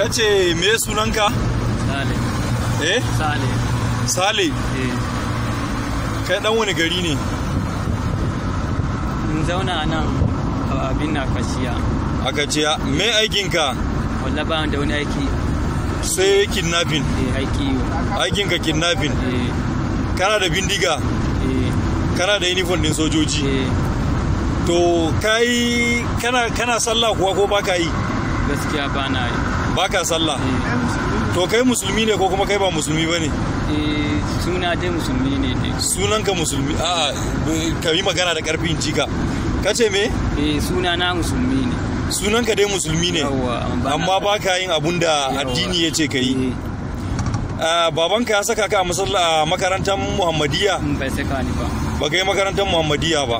ka ce me sunanka? sale eh? sale sale eh kai dan wani gari ne? in zauna nan abin na kashiya a kashiya me aikinka? wallah ba da wani aiki sai kidnapping eh aiki aikinka kidnapping eh kana da bindiga? eh kana da uniform din sojoji? eh to kai kana kana sallah kuwa ko baka yi? gaskiya ba na yi ba ka sallah to kai musulmi ne ko kuma kai ba musulmi ba ne eh, suna dai musulmi ne ne sunan ka musulmi a ka yi magana da karfin jika ka ce me eh, suna na musulmi ne sunan ka dai musulmi ne amma ba ka yin abun da addini ya ce ka yi eh. ah, ka ya saka ka a makarantar muhammadiyya mm, bai saka ni ba ba ka yi makarantar muhammadiyya ba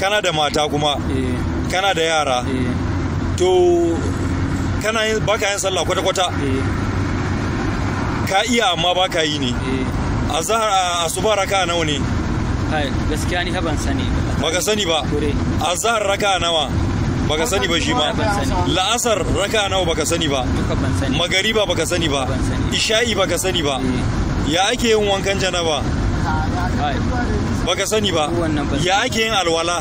kana da mata kuma kana da yara to kana yin baka yin sallah kwata-kwata eh. ka iya amma baka yi ne eh. a zahar a suba raka nawa ne gaskiya ni haban sani baka sani ba a zahar raka nawa baka sani ba shi ma la'asar raka nawa baka sani ba magariba baka sani ba isha'i baka sani ba eh. ya ake yin wankan janaba baka sani ba ya ake yin alwala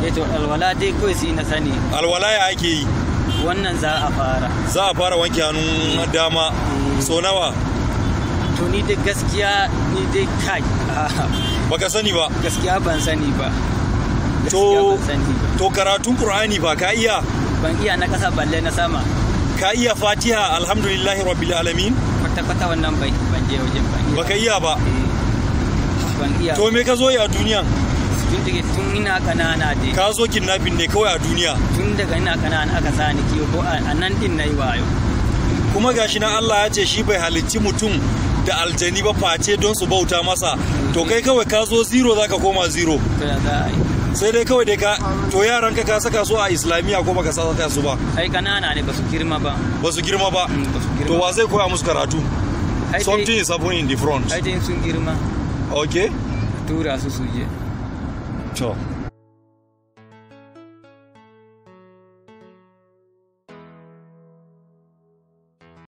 Eh to alwala dai kawai su na sani alwala ya ake yi wannan za a fara za a fara wanke hannun eh. dama so nawa to ni dai gaskiya ni dai kai ah. baka sani ba gaskiya ban sani ba to to karatun qur'ani ba ka iya ban iya na kasa balle na sama ka iya fatiha alhamdulillahi rabbil alamin kwata kwata wannan bai ban je wajen ba baka iya ba eh, to me ka zo ya duniyan tun daga tun ina kanana dai ka zo kidnapping ne kawai a duniya tun daga ina kanana aka sa ni kiwo ko a nan din nayi wayo kuma gashi na Allah ya ce shi bai halicci mutum da aljani ba face don su bauta masa to kai kawai ka zo zero zaka koma zero sai dai kawai dai ka to yaran ka ka saka su a islamiyya ko baka saka su ba ai kanana ne ba su girma ba ba su girma ba mm, to wa zai koya musu karatu something is happening in the front ai dai sun girma okay tura su suje. 错。